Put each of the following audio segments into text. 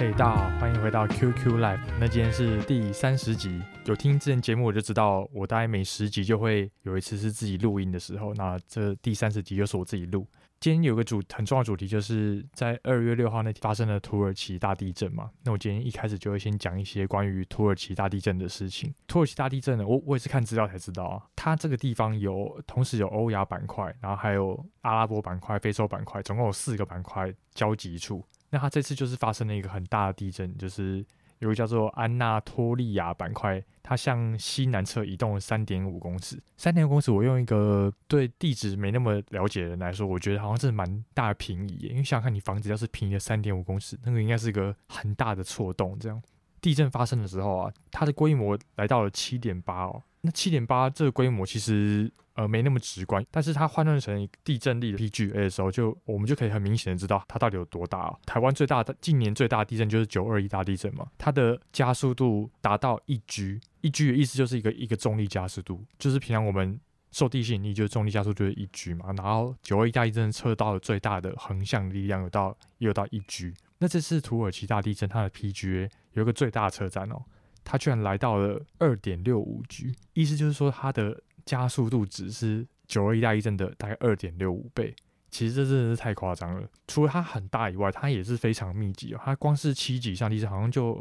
嘿，hey, 大家好，歡迎回到 QQ Live。那今天是第三十集，有聽之前節目我就知道，我大概每十集就會有一次是自己錄音的時候。那這第三十集就是我自己錄。今天有個主很重要的主題，就是在二月六號那天發生了土耳其大地震嘛。那我今天一開始就會先講一些關於土耳其大地震的事情。土耳其大地震呢，我我也是看資料才知道啊。它這個地方有同時有歐亞板塊，然後還有阿拉伯板塊、非洲板塊，總共有四個板塊交集處。那它這次就是發生了一個很大的地震，就是有個叫做安納托利亞板塊，它向西南側移動了三點五公尺。三點五公尺，我用一個對地質沒那麼了解的人來說，我覺得好像是蠻大的平移，因為想想看你房子要是平移了三點五公尺，那個應該是一個很大的錯動。這樣，地震發生的時候啊，它的規模來到了七點八哦。那七點八這個規模其實，呃，沒那麼直觀，但是它換算成地震力的 PGA 的時候就，就我們就可以很明顯的知道它到底有多大喔，台灣最大的近年最大的地震就是九二一大地震嘛，它的加速度達到一 g，一 g 的意思就是一個一個重力加速度，就是平常我們受地吸引力就是重力加速度就是一 g 嘛。然後九二一大地震測到的最大的橫向力量有到也有到一 g，那這次土耳其大地震它的 PGA 有一個最大的車站哦、喔，它居然來到了二點六五 g，意思就是說它的。加速度只是九二一大地震的大概二點六五倍，其實這真的是太誇張了。除了它很大以外，它也是非常密集哦。它光是七級以上地震，好像就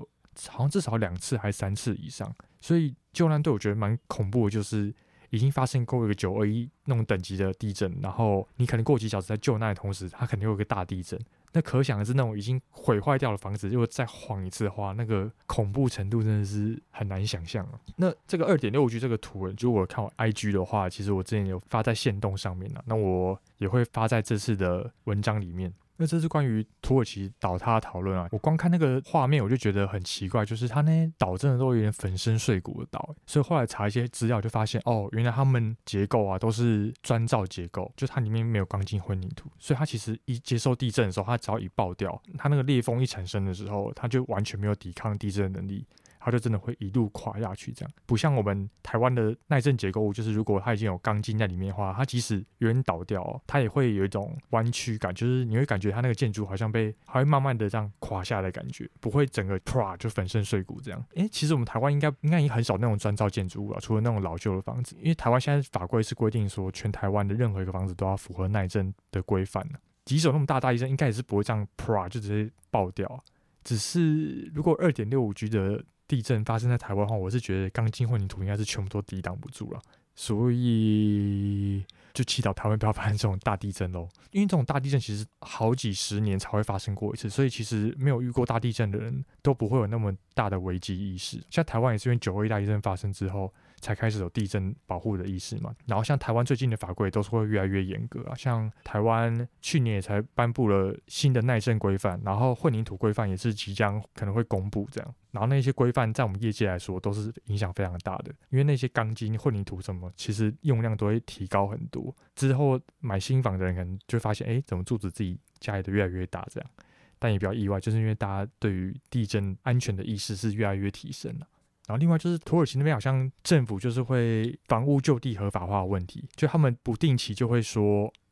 好像至少兩次還三次以上，所以救難隊我覺得蠻恐怖的，就是。已經發生過一個九二一那種等級的地震，然後你可能過幾小時在救難的同時，它肯定有一個大地震。那可想而知，那種已經毀壞掉的房子，如果再晃一次的話，那個恐怖程度真的是很難想象啊。那這個二點六 G 這個圖文，如果看我 IG 的話，其實我之前有發在限動上面了啊，那我也會發在這次的文章裡面。那這是關於土耳其倒塌的討論啊！我光看那個畫面，我就覺得很奇怪，就是他那些倒真的都有點粉身碎骨的倒、欸。所以後來查一些資料，就發現哦，原來他們結構啊都是磚造結構，就它裡面沒有鋼筋混凝土，所以它其實一接受地震的時候，它早已爆掉。它那個裂縫一產生的時候，它就完全沒有抵抗地震的能力。它就真的會一路垮下去。這樣不像我們台灣的耐震結構物，就是如果它已經有鋼筋在裡面的話，它即使有點倒掉、哦，它也會有一種彎曲感，就是你會感覺它那個建築好像被，它會慢慢的這樣垮下來的感覺，不會整個啪就粉身碎骨這樣。哎，其實我們台灣應該應該也很少那種磚造建築物了、啊，除了那種老舊的房子，因為台灣現在法規是規定說全台灣的任何一個房子都要符合耐震的規範了，即使有那麼大大地震應該也是不會這樣啪就直接爆掉、啊，只是如果二點六五 G 的，地震發生在台灣的話，我是覺得鋼筋混凝土應該是全部都抵擋不住了，所以就祈禱台灣不要發生這種大地震嘍。因為這種大地震其實好幾十年才會發生過一次，所以其實沒有遇過大地震的人都不會有那麼大的危機意識。像台灣也是因為九二一大地震發生之後。才開始有地震保護的意識嘛，然後像台灣最近的法規都是會越來越嚴格啊，像台灣去年也才頒布了新的耐震規範，然後混凝土規範也是即將可能會公布這樣，然後那些規範在我們業界來說都是影響非常大的，因為那些鋼筋、混凝土什麼，其實用量都會提高很多，之後買新房的人可能就會發現，哎，怎麼柱子自己家裡的越來越大這樣，但也比較意外，就是因為大家對於地震安全的意識是越來越提升了啊。然後另外就是土耳其那邊好像政府就是會房屋就地合法化的問題，就他們不定期就會說，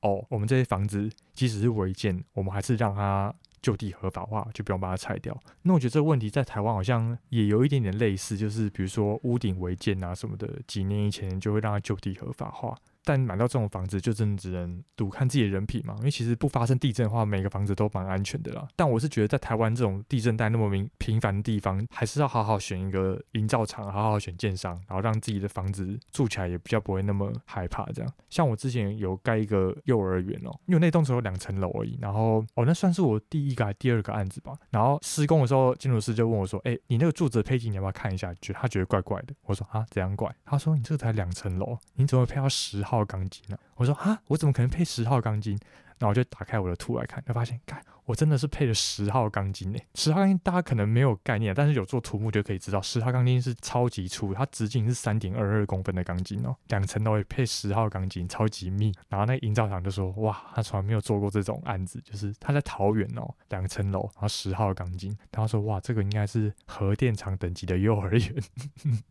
哦，我們這些房子即使是違建，我們還是讓它就地合法化，就不用把它拆掉。那我覺得這個問題在台灣好像也有一點點類似，就是比如說屋頂違建啊什麼的，幾年以前就會讓它就地合法化。但買到這種房子，就真的只能賭看自己的人品嘛？因為其實不發生地震的話，每個房子都蠻安全的啦。但我是覺得，在台灣這種地震帶那麼頻頻繁的地方，還是要好好選一個營造廠，好，好好選建商，然後讓自己的房子住起來也比較不會那麼害怕。這樣，像我之前有蓋一個幼兒園哦、喔，因為那棟只有兩層樓而已。然後哦，那算是我第一個還是第二個案子吧？然後施工的時候，建築師就問我說：“哎、欸，你那個柱子的配件你要不要看一下？覺得他覺得怪怪的。”我說：“啊，怎樣怪？”他說：“你這個才兩層樓，你怎麼配到十號？”號鋼筋呢、啊？我說啊，我怎麼可能配十號鋼筋？那我就打開我的圖來看，就發現，我真的是配了十號鋼筋誒，十號鋼筋大家可能沒有概念，但是有做土木就可以知道，十號鋼筋是超級粗，它直徑是三點二二公分的鋼筋哦。兩層樓也配十號鋼筋，超級密。然後那個營造廠就說：“哇，他從來沒有做過這種案子，就是他在桃園哦、喔，兩層樓，然後十號鋼筋。”他說：“哇，這個應該是核電廠等級的幼兒園。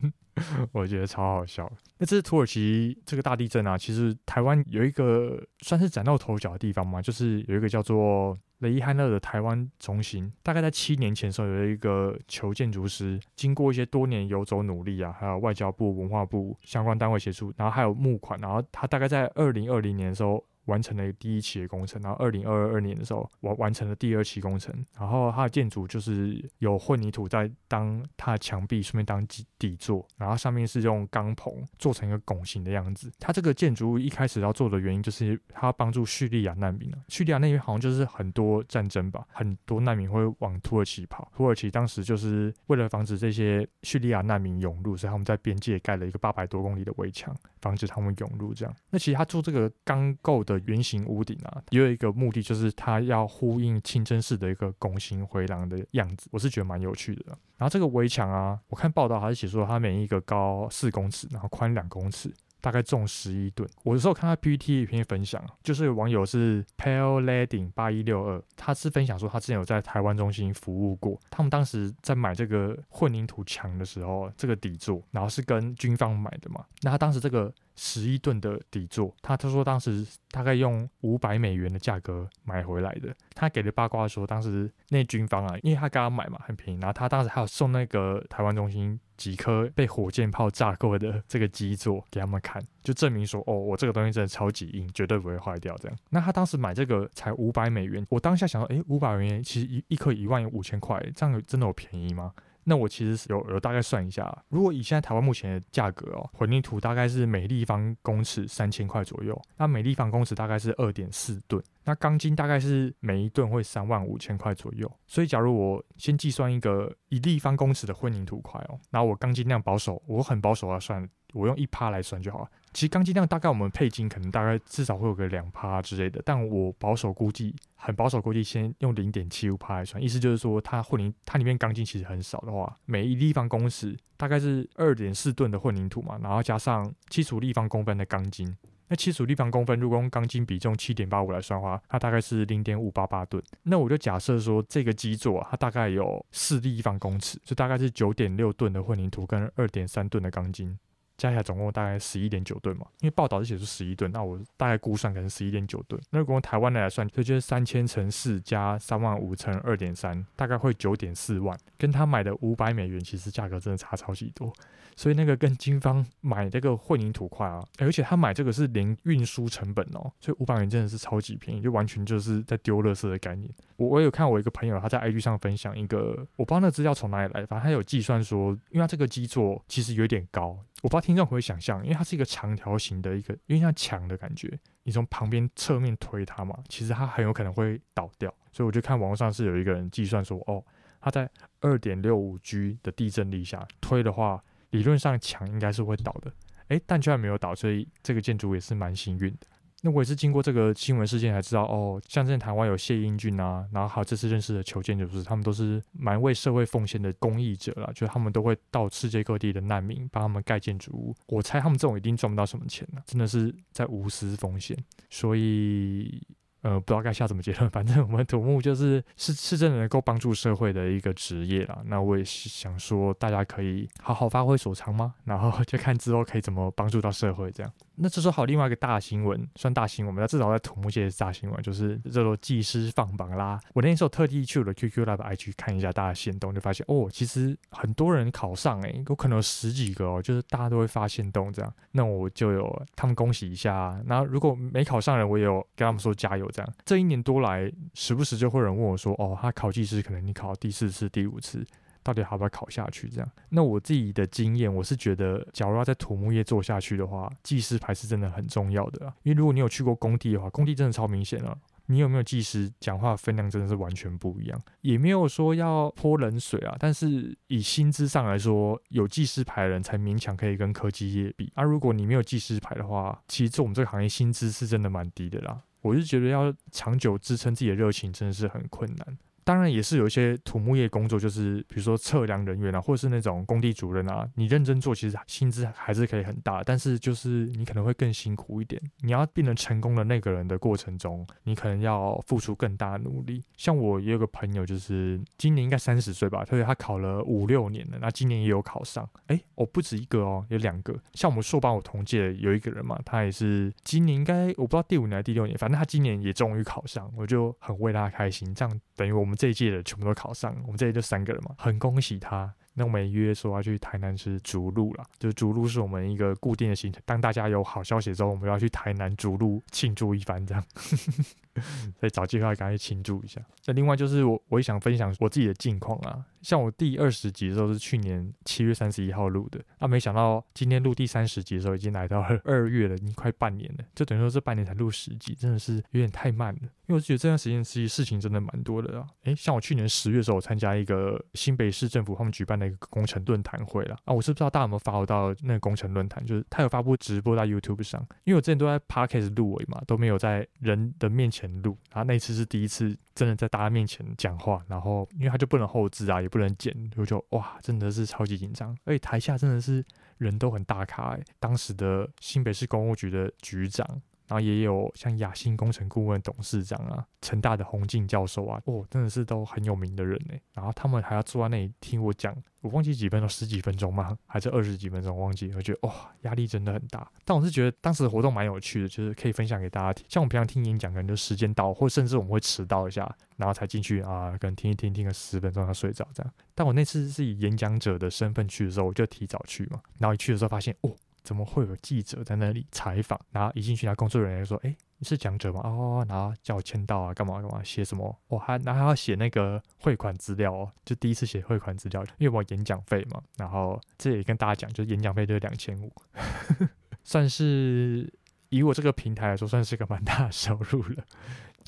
”我覺得超好笑。那這次土耳其這個大地震啊，其實台灣有一個算是嶄露頭角的地方嘛，就是有一個叫做……雷伊漢勒的台灣中心，大概在七年前的時候，有一個邱建築師，經過一些多年遊走努力啊，還有外交部、文化部相關單位協助，然後還有募款，然後他大概在二零二零年的時候。完成了第一期的工程，然後二零二二年的時候完完成了第二期工程。然後它的建築就是有混凝土在當它的牆壁，順便當底底座，然後上面是用鋼棚做成一個拱形的樣子。它這個建築物一開始要做的原因就是它要幫助敘利亞難民啊，敘利亞那邊好像就是很多戰爭吧，很多難民會往土耳其跑。土耳其當時就是為了防止這些敘利亞難民湧入，所以他們在邊界蓋了一個八百多公里的圍牆，防止他們湧入這樣。那其實他做這個鋼構的圓形屋頂啊，也有一個目的，就是它要呼應清真寺的一個拱形回廊的樣子，我是覺得蠻有趣的啊。然後這個圍牆啊，我看報道還是寫說它每一個高四公尺，然後寬兩公尺，大概重十一噸。我有時候看他 PPT 一篇分享，就是有網友是 paladin 八一六二，他是分享說他之前有在台灣中心服務過，他們當時在買這個混凝土牆的時候，這個底座，然後是跟軍方買的嘛，那他當時這個。十一噸的底座，他他說當時大概用五百美元的價格買回來的。他給的八卦說，當時那軍方啊，因為他剛剛買嘛，很便宜。然後他當時還有送那個台灣中心幾顆被火箭炮炸過的這個基座給他們看，就證明說，哦，我這個東西真的超級硬，絕對不會壞掉這樣。那他當時買這個才五百美元，我當下想到，哎、欸，五百美元其實一一顆一萬五千塊，這樣真的有便宜嗎？那我其實是有有大概算一下，如果以現在台灣目前的價格哦、喔，混凝土大概是每立方公尺三千塊左右，那每立方公尺大概是二點四噸，那鋼筋大概是每一噸會三萬五千塊左右。所以假如我先計算一個一立方公尺的混凝土塊哦，那我鋼筋量保守，我很保守要算。我用一趴來算就好了。其實鋼筋量大概我們配筋可能大概至少會有個兩趴之類的。但我保守估計，很保守估計，先用零點七五趴來算。意思就是說，它混凝它裡面鋼筋其實很少的話，每一立方公尺大概是二點四噸的混凝土嘛。然後加上七十五立方公分的鋼筋，那七十五立方公分如果用鋼筋比重七點八五來算的話，它大概是零點五八八噸。那我就假設說，這個基座它大概有四立方公尺，就大概是九點六噸的混凝土跟二點三噸的鋼筋。加起來總共大概十一點九噸嘛，因為報道是寫出十一噸，那我大概估算可能十一點九噸。那如果用台灣的來算，就就是三千乘四加三萬五乘二點三，3, 5, 3, 大概會九點四萬。跟他買的五百美元，其實價格真的差超級多。所以那個跟軍方買這個混凝土塊啊、欸，而且他買這個是零運輸成本哦、喔，所以五百元真的是超級便宜，就完全就是在丟垃圾的概念。我我有看我一個朋友他在 IG 上分享一個，我不知道那資料從哪裡來，反正他有計算說，因為他這個基座其實有點高。我不知道聽眾會不會想像，因為它是一個長條形的一個，有點像牆的感覺。你從旁邊側面推它嘛，其實它很有可能會倒掉。所以我就看網絡上是有一個人計算說，哦，它在二點六五 G 的地震力下推的話，理論上牆應該是會倒的。哎、欸，但居然沒有倒，所以這個建築也是蠻幸運的。那我也是經過這個新聞事件才知道哦，像在台灣有謝英俊啊，然後還有這次認識的邱建築師，他們都是蠻為社會奉獻的公益者啦。就他們都會到世界各地的難民，幫他們蓋建築物。我猜他們這種一定賺不到什麼錢啊，真的是在無私奉獻。所以，呃，不知道該下什麼結論。反正我們土木就是是是真的能夠幫助社會的一個職業啦。那我也想說，大家可以好好發揮所長嘛，然後就看之後可以怎麼幫助到社會這樣。那這時候還有另外一個大新聞，算大新聞。那至少在土木界是大新聞，就是熱絡技師放榜啦。我那時候特地去了 QQ Lab IG 看一下大家限動，就發現哦，其實很多人考上誒、欸，有可能有十幾個哦，就是大家都會發限動這樣。那我就有他們恭喜一下、啊。那如果沒考上的人，我也有跟他們說加油這樣。這一年多來，時不時就會有人問我說：“哦，他考技師，可能你考第四次、第五次？”到底好不好考下去？這樣，那我自己的經驗，我是覺得，假如要在土木業做下去的話，技師牌是真的很重要的。因為如果你有去過工地的話，工地真的超明顯了啊。你有沒有技師，講話分量真的是完全不一樣。也沒有說要潑冷水啊，但是以薪資上來說，有技師牌的人才勉強可以跟科技業比。啊如果你沒有技師牌的話，其實做我們這個行業薪資是真的蠻低的啦。我是覺得要長久支撐自己的熱情，真的是很困難。當然也是有一些土木業工作，就是比如說測量人員啊，或者是那種工地主任啊，你認真做，其實薪資還是可以很大，但是就是你可能會更辛苦一點。你要變成成功的那個人的過程中，你可能要付出更大的努力。像我也有個朋友，就是今年應該三十歲吧，特別他考了五六年了，那今年也有考上。哎，我、哦、不止一個哦，有兩個。像我們碩班，我同屆有一個人嘛，他也是今年應該我不知道第五年還是第六年，反正他今年也終於考上，我就很為他開心。這樣等於我們。這一屆的全部都考上，我們這一屆就三個人嘛，很恭喜他。那我們也約說要去台南吃逐鹿啦，就是逐鹿是我們一個固定的行程。當大家有好消息之後，我們就要去台南逐鹿慶祝一番，這樣。 所以找機會趕快慶祝一下。那另外就是我，我也想分享我自己的近況啊。像我第二十集的時候是去年七月三十一號錄的，啊，那沒想到今天錄第三十集的時候已經來到二月了，已經快半年了。就等於說這半年才錄十集，真的是有點太慢了。因為我覺得這段時間其實事情真的蠻多的啊。哎，像我去年十月的時候我參加一個新北市政府他們舉辦的一個工程論壇會了啊，我是不知道大家有沒有發我到那個工程論壇？就是他有發布直播在 YouTube 上，因為我之前都在 Podcast 錄而已嘛，都沒有在人的面前。前路，然後那次是第一次，真的在大家面前講話，然後因為他就不能後製啊，也不能剪，我就哇，真的是超級緊張，而且台下真的是人都很大咖，欸，當時的新北市工務局的局長。然後也有像亞新工程顧問董事長啊，成大的洪瀞教授啊，哦，真的是都很有名的人哎。然後他們還要坐在那裡聽我講，我忘記幾分鐘，十幾分鐘嗎？還是二十幾分鐘？忘記，我覺得哇、哦，壓力真的很大。但我是覺得當時的活動蠻有趣的，就是可以分享給大家聽。像我們平常聽演講，可能就時間到，或者甚至我們會遲到一下，然後才進去啊、呃，可能聽一聽，聽個十分鐘，要睡着這樣。但我那次是以演講者的身份去的時候，我就提早去嘛，然後一去的時候發現，哦。怎麼會有記者在那裡採訪？然後一進去，他工作人員就說：“哎、欸，你是講者嗎？”哦，然後叫我簽到啊，幹嘛幹嘛？寫什麼？我還然後還要寫那個匯款資料哦，就第一次寫匯款資料，因為我演講費嘛。然後這也跟大家講，就是演講費就是兩千五， 算是以我這個平台來說，算是一個蠻大的收入了。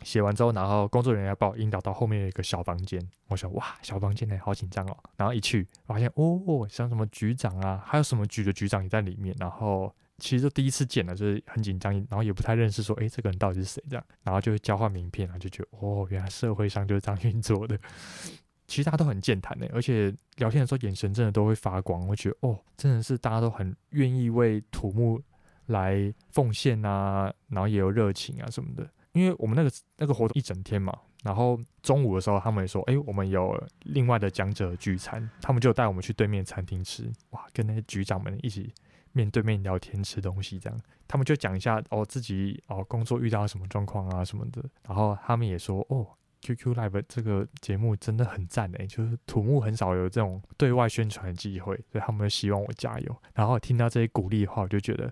寫完之後，然後工作人員把我引導到後面有一個小房間。我說：“哇，小房間內好緊張哦。”然後一去，發現哦，像、哦、什麼局長啊，還有什麼局的局長也在裡面。然後其實就第一次見了，就是很緊張，然後也不太認識，說：“哎、欸，這個人到底是誰？”這樣，然後就交換名片，啊，就覺得哦，原來社會上就是這樣運作的。其實大家都很健談哎，而且聊天的時候眼神真的都會發光，我覺得哦，真的是大家都很願意為土木來奉獻啊，然後也有熱情啊什麼的。因為我們那個那個活動一整天嘛，然後中午的時候他們也說，欸，我們有另外的講者聚餐，他們就帶我們去對面餐廳吃，哇，跟那些局長們一起面對面聊天吃東西這樣，他們就講一下哦自己哦工作遇到什麼狀況啊什麼的，然後他們也說哦 Q Q Live 這個節目真的很讚欸，就是土木很少有這種對外宣傳的機會，所以他們就希望我加油，然後聽到這些鼓勵的話，我就覺得。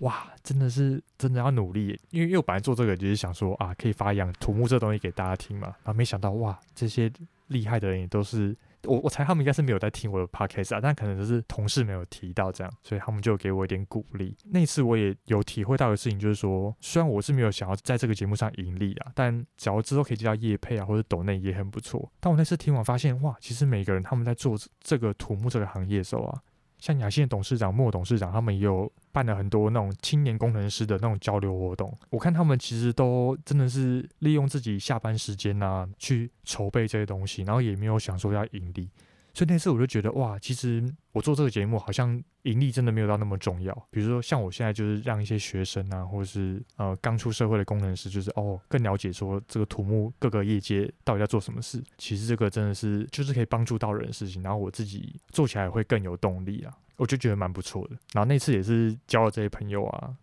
哇，真的是真的要努力，因為我本來做這個就是想說啊，可以發揚土木這東西給大家聽嘛，然後沒想到哇，這些厲害的人也都是我，我猜他們應該是沒有在聽我的 podcast 啊，但可能就是同事沒有提到這樣，所以他們就給我一點鼓勵。那次我也有體會到的事情，就是說雖然我是沒有想要在這個節目上盈利啊，但只要之後可以接到業配啊或者抖內也很不錯。但我那次聽完發現，哇，其實每個人他們在做這個土木這個行業的時候啊。像雅信董事長莫董事長，他們也有辦了很多那種青年工程師的那種交流活動。我看他們其實都真的是利用自己下班時間啊，去籌備這些東西，然後也沒有想說要盈利。所以那次我就覺得哇，其實我做這個節目好像盈利真的沒有到那麼重要。比如說像我現在就是讓一些學生啊，或者是呃剛出社會的工程師，就是哦更了解說這個土木各個業界到底在做什麼事。其實這個真的是就是可以幫助到人的事情，然後我自己做起來會更有動力啊，我就覺得蠻不錯的。然後那次也是交了這些朋友啊，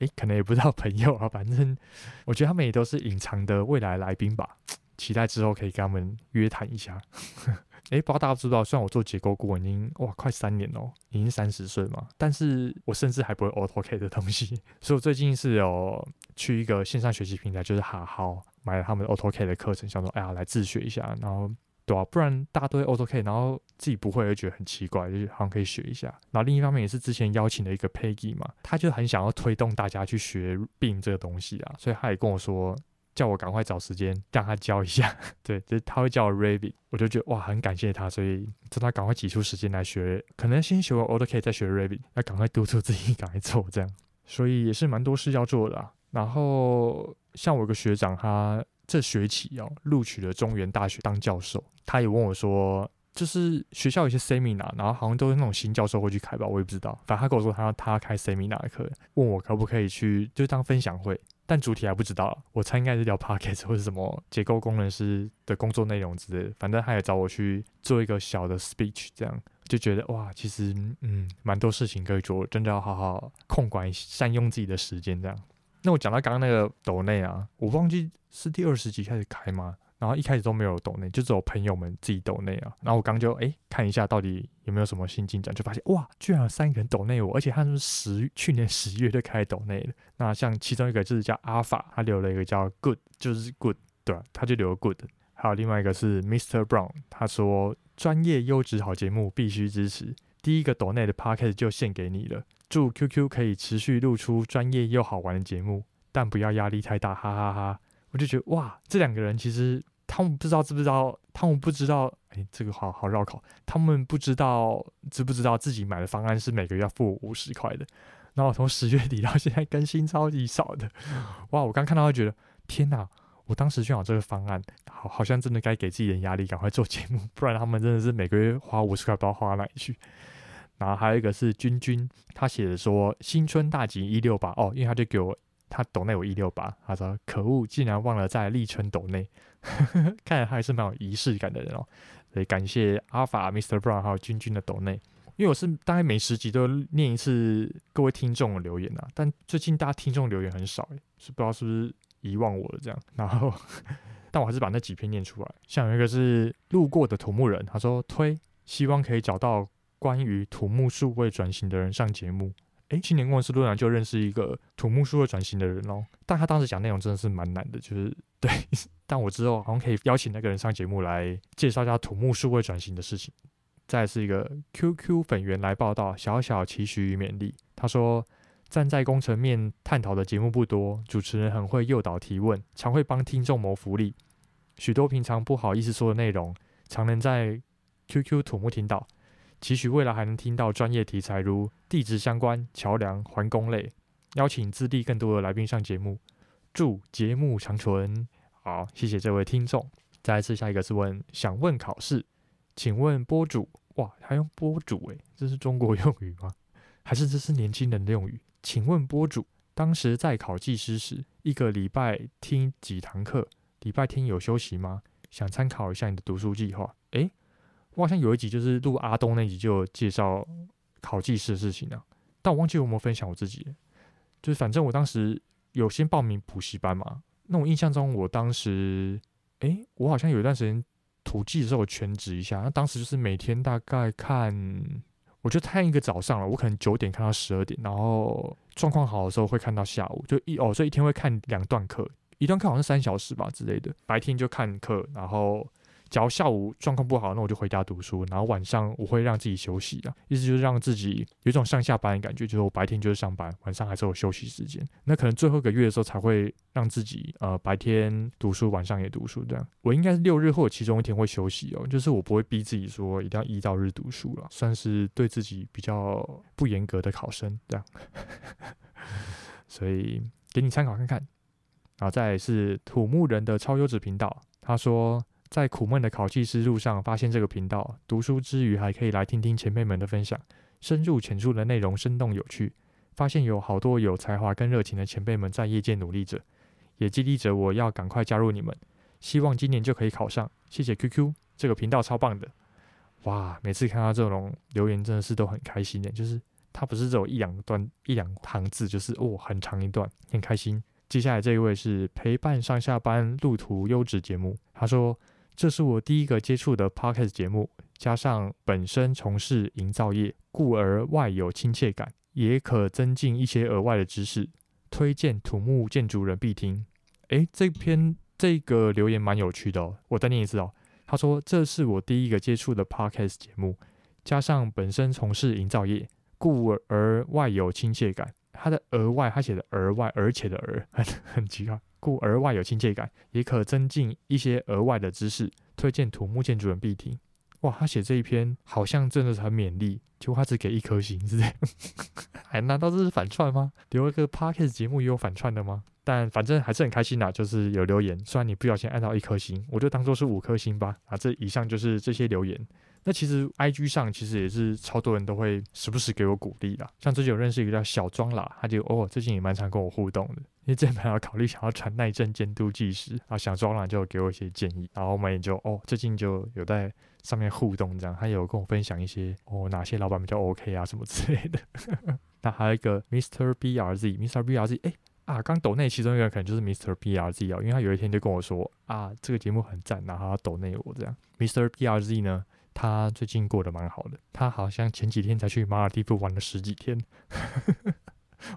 哎，可能也不知道朋友啊，反正我覺得他們也都是隱藏的未來的來賓吧，期待之後可以跟他們約談一下。 哎、欸，不知道大家不知道，雖然我做結構顧問已經哇快三年哦，已經三十歲嘛，但是我甚至還不會 AutoCAD 的東西，所以我最近是有去一個線上學習平台，就是 Hahow，買了他們的 AutoCAD 的課程，想說哎呀來自學一下，然後對啊，不然大家都會 AutoCAD，然後自己不會又覺得很奇怪，就是好像可以學一下。然後另一方面也是之前邀請的一個 Peggy 嘛，他就很想要推動大家去學 BIM 這個東西啊，所以他也跟我說。叫我趕快找時間讓他教一下， 對，就是他會叫我 Revit 我就覺得哇，很感謝他，所以叫他趕快擠出時間來學，可能先學 AutoCAD 再學 Revit 要趕快督促自己，趕快做。這樣，所以也是蠻多事要做的，啊。然後像我有個學長，他這學期要，喔，錄取了中原大學當教授，他也問我說，就是學校有一些 Seminar，然後好像都是那種新教授會去開吧，我也不知道。反正他跟我說他要他開 Seminar 的課，問我可不可以去，就當分享會。但主題還不知道，我猜應該是聊 podcast 或是什麼結構工程師的工作內容之類的，反正他也找我去做一個小的 speech，這樣就覺得哇，其實嗯，蠻多事情可以做，真的要好好控管、善用自己的時間這樣。那我講到剛剛那個抖內啊，我忘記是第二十集開始開嗎？然後一開始都沒有抖內，就只有朋友們自己抖內啊。然後我剛就誒看一下到底有沒有什麼新進展，就發現哇，居然有三個人抖內我，而且他們是十去年十月就開抖內了。那像其中一個就是叫阿法，他留了一個叫 Good，就是 Good，對吧，啊？他就留了 Good。還有另外一個是 Mr. Brown，他說專業優質好節目必須支持，第一個抖內的 podcast 就獻給你了。祝 QQ 可以持續錄出專業又好玩的節目，但不要壓力太大，哈哈哈，哈。我就覺得哇，這兩個人其實他們不知道知不知道，他們不知道哎，這個好好繞口，他們不知道知不知道自己買的方案是每個月要付五十塊的。然後從十月底到現在更新超級少的，哇！我剛看到就覺得天哪，我當時選好這個方案，好好像真的該給自己點壓力，趕快做節目，不然他們真的是每個月花五十塊不知道花到哪裡去。然後還有一個是君君，他寫的說新春大吉一六八哦，因為他就給我。他抖內我一六八，他說，可惡，竟然忘了在立春抖內，看來他還是蠻有儀式感的人哦、喔。所以感謝阿法、Mr Brown 還有君君的抖內，因為我是大概每十集都念一次各位聽眾的留言啊。但最近大家聽眾留言很少，欸，是不知道是不是遺忘我了這樣。然後， 但我還是把那幾篇念出來。像有一個是路過的土木人，他說，推，希望可以找到關於土木數位轉型的人上節目。誒，青年工程師論壇就認識一個土木數位轉型的人哦，但他當時講內容真的是蠻難的，就是對。但我之後好像可以邀請那個人上節目來介紹一下土木數位轉型的事情。再是一個 QQ 粉員來報道，小小期許與勉勵。他說，站在工程面探討的節目不多，主持人很會誘導提問，常會幫聽眾謀福利，許多平常不好意思說的內容，常能在 QQ 土木聽到。期許未來還能聽到專業題材，如地質相關、橋梁、環工類，邀請資歷更多的來賓上節目。祝節目長存。好，謝謝這位聽眾。再次下一個是問，想問考試，請問播主？哇，還用播主？誒，這是中國用語嗎？還是這是年輕人的用語？請問播主，當時在考技師時，一個禮拜聽幾堂課？禮拜天有休息嗎？想參考一下你的讀書計劃。誒、欸。我好像有一集就是錄阿東那集，就介紹考技師的事情啊，但我忘記有沒有分享我自己。就是反正我當時有先報名補習班嘛，那我印象中我當時，誒，我好像有一段時間土技的時候我全職一下，那當時就是每天大概看，我就看一個早上了，我可能九點看到十二點，然後狀況好的時候會看到下午，就一哦，所以一天會看兩段課，一段課好像是三小時吧之類的，白天就看課，然後。假如下午狀況不好，那我就回家讀書。然後晚上我會讓自己休息的，意思就是讓自己有一種上下班的感覺，就是我白天就是上班，晚上還是有休息時間。那可能最後一個月的時候才會讓自己呃白天讀書，晚上也讀書這樣，啊。我應該是六日或者其中一天會休息哦、喔，就是我不會逼自己說一定要一到日讀書了，算是對自己比較不嚴格的考生這樣。對啊。 所以給你參考看看。然後再來是土木人的超優質頻道，他說。在苦悶的考技師之路上，發現這個頻道。讀書之餘，還可以來聽聽前輩們的分享，深入淺出的內容，生動有趣。發現有好多有才華跟熱情的前輩們在業界努力着，也激勵着我要趕快加入你們。希望今年就可以考上。謝謝 QQ，這個頻道超棒的。哇，每次看到這種留言，真的是都很開心的。就是他不是只有一兩段一兩行字，就是哦，很長一段，很開心。接下來這一位是陪伴上下班路途優質節目，他說。這是我第一個接觸的 podcast 節目，加上本身從事營造業，故而外有親切感，也可增進一些額外的知識。推薦土木建築人必聽。誒，這篇這個留言蠻有趣的、哦，我再念一次啊、哦。他說：“這是我第一個接觸的 podcast 節目，加上本身從事營造業，故而，而外有親切感。”他的額外，他寫的額外，而且的而很很奇怪。故額外有親切感，也可增進一些額外的知識。推薦土木建築人必聽。哇，他寫這一篇好像真的是很勉勵，結果他只給一顆星，是這樣？哎，難道這是反串嗎？留一個 podcast 節目也有反串的嗎？但反正還是很開心啦、啊。就是有留言。雖然你不小心按到一顆星，我就當做是五顆星吧。啊，這以上就是這些留言。那其實 I G 上其實也是超多人都會時不時給我鼓勵啦，像最近有認識一個叫小莊啦，他就哦最近也蠻常跟我互動的，因為之前本來要考慮想要轉耐震監督技師啊，小莊啦就給我一些建議，然後我們也就哦最近就有在上面互動這樣，他有跟我分享一些哦哪些老板比較 OK 啊什麼之類的， 那還有一個 Mr B R Z，Mr B R Z 哎、欸、啊剛抖內其中一個可能就是 Mr B R Z 啊、喔，因為他有一天就跟我說啊這個節目很讚、啊，然後他抖內我這樣，Mr B R Z 呢？他最近過得蠻好的，他好像前幾天才去馬爾地夫玩了十幾天，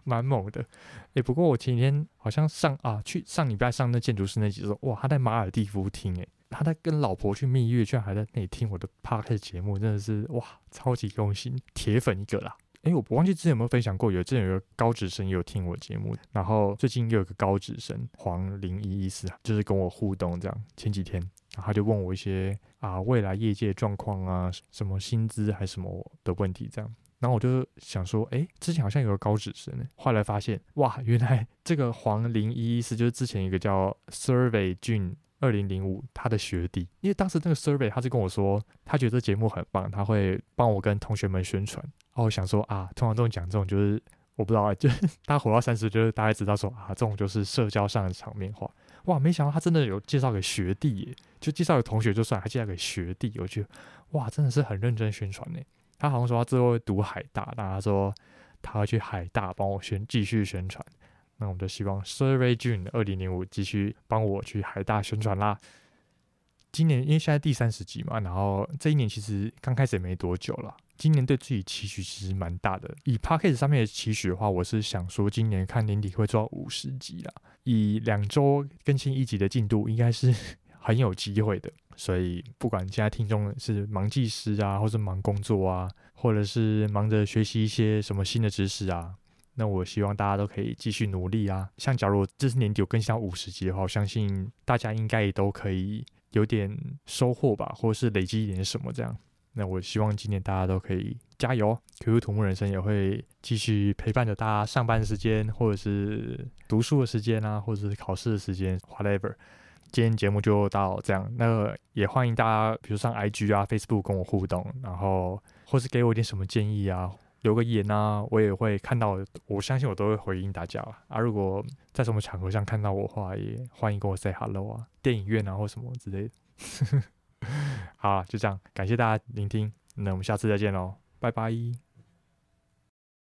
蠻猛的。哎、欸，不過我前幾天好像上啊，去上禮拜上那建築師那集說，哇，他在馬爾地夫聽、欸，誒，他在跟老婆去蜜月，居然還在那裡聽我的 podcast 節目，真的是哇，超級用心，鐵粉一個啦。誒、欸，我不忘記之前有沒有分享過，有，這有個高職生也有聽我節目，然後最近又有個高職生黃零一一四，就是跟我互動這樣，前幾天。然後他就問我一些啊未來業界狀況啊什麼薪資還是什麼的問題這樣，然後我就想說，哎，之前好像有個高指生呢，後來發現哇，原來這個黃零一是就是之前一個叫 Survey 俊二零零五，他的學弟，因為當時那個 Survey 他是跟我說，他覺得這節目很棒，他會幫我跟同學們宣傳。然後我想說啊，通常這種講這種就是我不知道，就是大家活到三十，就是大概知道說啊，這種就是社交上的場面話。哇，沒想到他真的有介紹給學弟耶，就介紹給同學就算，還介紹給學弟，我覺得哇，真的是很認真宣傳呢。他好像說他之後會讀海大，那他說他要去海大幫我宣繼續宣傳，那我們就希望 Survey June 二零零五繼續幫我去海大宣傳啦。今年因為現在第三十集嘛，然後這一年其實剛開始也沒多久了。今年對自己期許其實蠻大的，以 Podcast 上面的期許的話，我是想說今年看年底會做到五十集啦。以兩周更新一集的進度，應該是很有機會的。所以，不管現在聽眾是忙技師啊，或者是忙工作啊，或者是忙着學習一些什麼新的知識啊，那我希望大家都可以繼續努力啊。像假如這次年底有更新到五十集的話，我相信大家應該也都可以有點收穫吧，或者是累積一點什麼這樣。那我希望今年大家都可以加油。QQ 土木人生也會繼續陪伴着大家上班時間，或者是讀書的時間啊，或者是考試的時間，whatever。今天節目就到這樣，那也歡迎大家，比如上 IG 啊、Facebook 跟我互動，然後或是給我一點什麼建議啊，留個言啊，我也會看到，我相信我都會回應大家啊，啊。如果在什麼場合上看到我的話，也歡迎跟我 say hello 啊，電影院啊或什麼之類的。 好，就這樣，感謝大家聆聽，那我們下次再見嘍，拜拜。